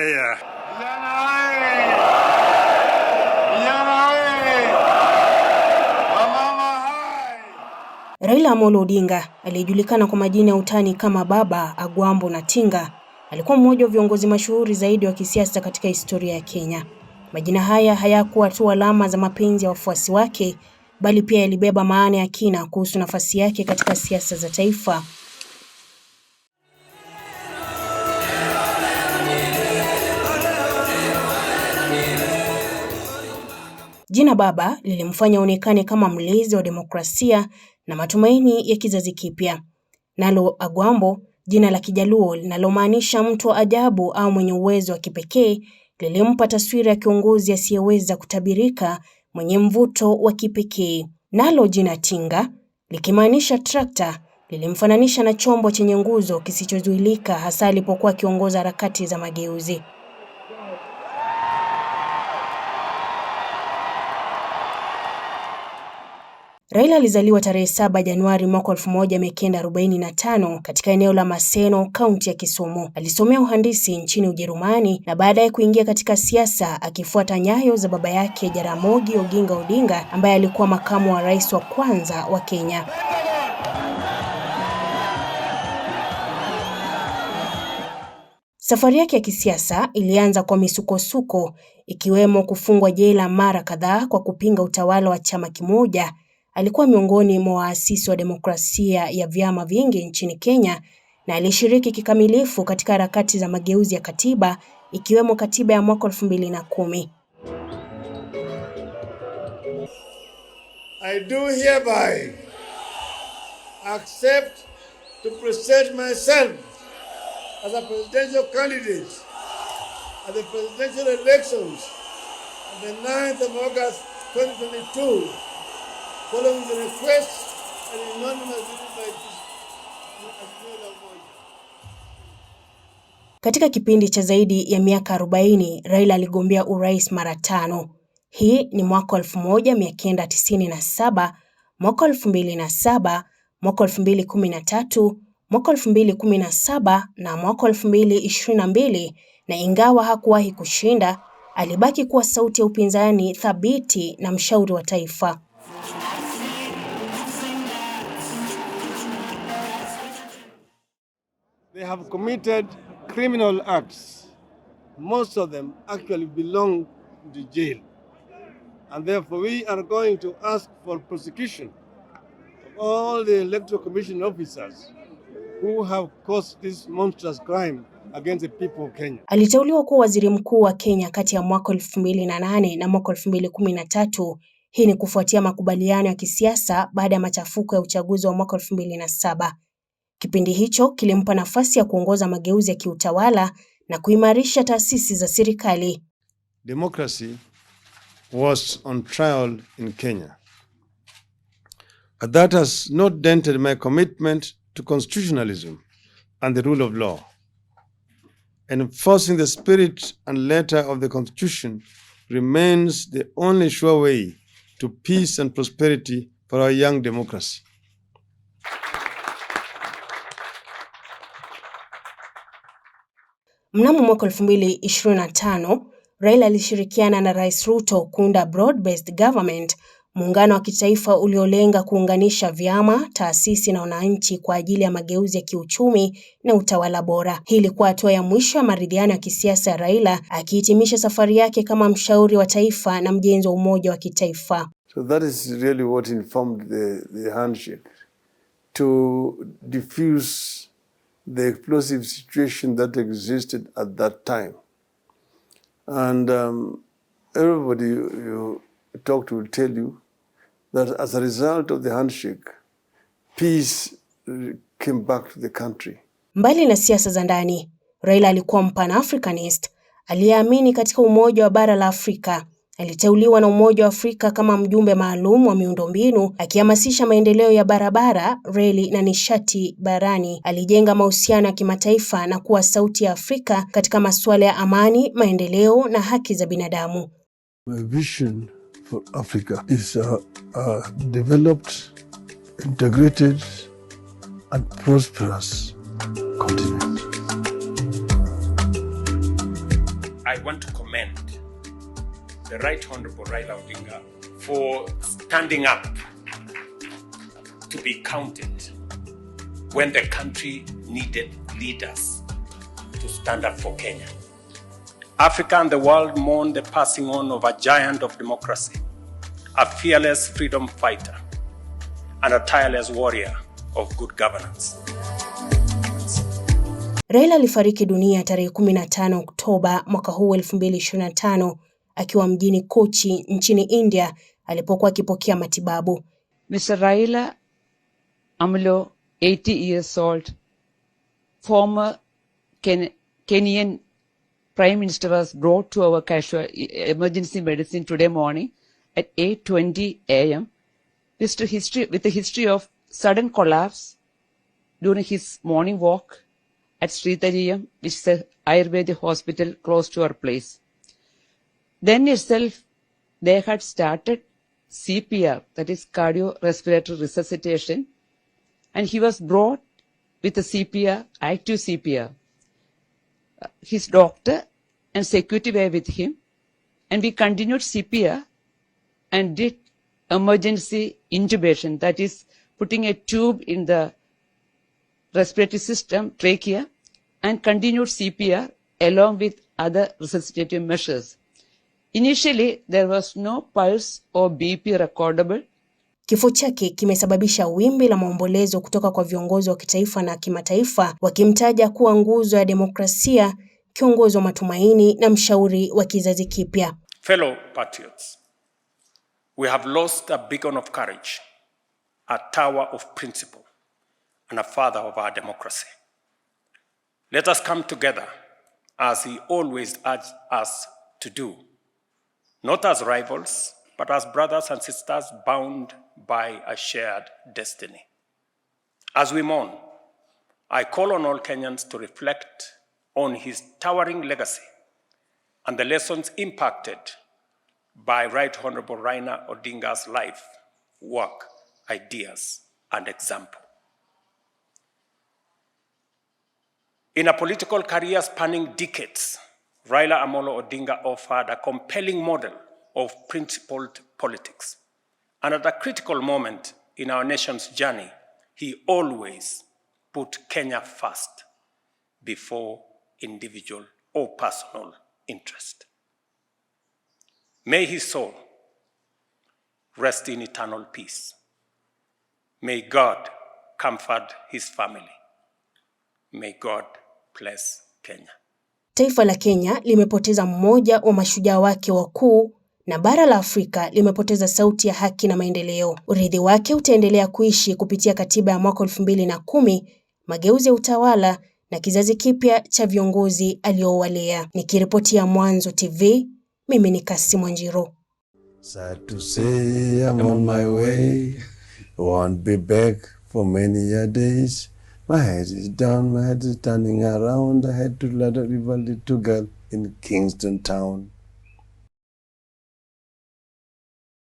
Janae. Raila Amolo Odinga aliyejulikana kwa majina ya utani kama Baba, Agwambo na Tinga alikuwa mmoja wa viongozi mashuhuri zaidi wa kisiasa katika historia ya Kenya. Majina haya hayakuwa tu alama za mapenzi ya wafuasi wake, bali pia yalibeba maana ya kina kuhusu nafasi yake katika siasa za taifa Jina baba lilimfanya aonekane kama mlezi wa demokrasia na matumaini ya kizazi kipya. Nalo Agwambo, jina la Kijaluo linalomaanisha mtu wa ajabu au mwenye uwezo wa kipekee, lilimpa taswira ya kiongozi asiyeweza kutabirika, mwenye mvuto wa kipekee. Nalo jina Tinga likimaanisha trakta lilimfananisha na chombo chenye nguzo kisichozuilika, hasa alipokuwa akiongoza harakati za mageuzi. Raila alizaliwa tarehe 7 Januari mwaka 1945 katika eneo la Maseno, kaunti ya Kisumu. Alisomea uhandisi nchini Ujerumani na baadaye kuingia katika siasa akifuata nyayo za baba yake Jaramogi Oginga Odinga ambaye alikuwa makamu wa rais wa kwanza wa Kenya. Safari yake ya kisiasa ilianza kwa misukosuko ikiwemo kufungwa jela mara kadhaa kwa kupinga utawala wa chama kimoja Alikuwa miongoni mwa waasisi wa demokrasia ya vyama vingi nchini Kenya na alishiriki kikamilifu katika harakati za mageuzi ya katiba ikiwemo katiba ya mwaka 2010. I do hereby accept to present myself as a presidential candidate at the presidential elections on the 9th of August 2022 following the request and anonymous Katika kipindi cha zaidi ya miaka 40, Raila aligombea urais mara tano. Hii ni mwaka 1997, mwaka 2007, mwaka 2013, mwaka 2017 na mwaka 2022 na ingawa hakuwahi kushinda, alibaki kuwa sauti ya upinzani thabiti na mshauri wa taifa. They have committed criminal acts. Most of them actually belong to jail. And therefore, we are going to ask for prosecution of all the Electoral Commission officers who have caused this monstrous crime against the people of Kenya. Aliteuliwa kuwa waziri mkuu wa Kenya kati ya mwaka 2008 na mwaka 2013. Hii ni kufuatia makubaliano ya kisiasa baada ya machafuko ya uchaguzi wa mwaka 2007. Kipindi hicho kilimpa nafasi ya kuongoza mageuzi ya kiutawala na kuimarisha taasisi za serikali. Democracy was on trial in Kenya. but That has not dented my commitment to constitutionalism and the rule of law. Enforcing the spirit and letter of the constitution remains the only sure way to peace and prosperity for our young democracy. Mnamo mwaka 2025, Raila alishirikiana na Rais Ruto kuunda broad-based government, muungano wa kitaifa uliolenga kuunganisha vyama, taasisi na wananchi kwa ajili ya mageuzi ya kiuchumi na utawala bora. Hii ilikuwa hatua ya mwisho ya maridhiano ya kisiasa ya Raila akihitimisha safari yake kama mshauri wa taifa na mjenzi wa umoja wa kitaifa. So that is really what informed the, the handshake to diffuse the explosive situation that existed at that time. And um, everybody you, you talk to will tell you that as a result of the handshake, peace came back to the country. Mbali na siasa za ndani, Raila alikuwa mpan-Africanist aliyeamini katika umoja wa bara la Afrika aliteuliwa na Umoja wa Afrika kama mjumbe maalum wa miundombinu akihamasisha maendeleo ya barabara, reli na nishati barani. Alijenga mahusiano ya kimataifa na kuwa sauti ya Afrika katika masuala ya amani, maendeleo na haki za binadamu. My vision for Africa is a, a developed, integrated and prosperous continent. I want to commend the Right Honorable Raila Odinga for standing up to be counted when the country needed leaders to stand up for Kenya. Africa and the world mourn the passing on of a giant of democracy, a fearless freedom fighter, and a tireless warrior of good governance. Raila alifariki dunia tarehe 15 Oktoba mwaka huu 2025 akiwa mjini Kochi nchini India alipokuwa akipokea matibabu. Mr. Raila Amlo 80 years old former Ken Kenyan Prime Minister was brought to our casual e, emergency medicine today morning at 8:20 a.m. with the history with the history of sudden collapse during his morning walk at Tariyam, which is a Ayurvedic hospital close to our place. Then itself, they had started CPR, that is cardiorespiratory resuscitation, and he was brought with a CPR, active CPR. His doctor and security were with him, and we continued CPR and did emergency intubation, that is, putting a tube in the respiratory system, trachea, and continued CPR along with other resuscitative measures. Initially, there was no pulse or BP recordable. Kifo chake kimesababisha wimbi la maombolezo kutoka kwa viongozi wa kitaifa na kimataifa wakimtaja kuwa nguzo ya demokrasia, kiongozi wa matumaini na mshauri wa kizazi kipya. Fellow patriots, we have lost a beacon of courage, a tower of principle and a father of our democracy. Let us come together as he always urged us to do. not as rivals, but as brothers and sisters bound by a shared destiny. As we mourn, I call on all Kenyans to reflect on his towering legacy and the lessons impacted by Right Honorable Rainer Odinga's life, work, ideas, and example. In a political career spanning decades, Raila Amolo Odinga offered a compelling model of principled politics. And at a critical moment in our nation's journey, he always put Kenya first before individual or personal interest. May his soul rest in eternal peace. May God comfort his family. May God bless Kenya. Taifa la Kenya limepoteza mmoja wa mashujaa wake wakuu na bara la Afrika limepoteza sauti ya haki na maendeleo. Urithi wake utaendelea kuishi kupitia katiba ya mwaka elfu mbili na kumi, mageuzi ya utawala na kizazi kipya cha viongozi aliowalea. Nikiripoti ya Mwanzo TV, mimi ni Kasimu njiro My head is down, my head is turning around. I had to let a little girl in Kingston Town.